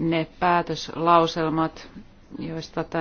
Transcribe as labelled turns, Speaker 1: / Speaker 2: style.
Speaker 1: ne päätöslauselmat, joista tänään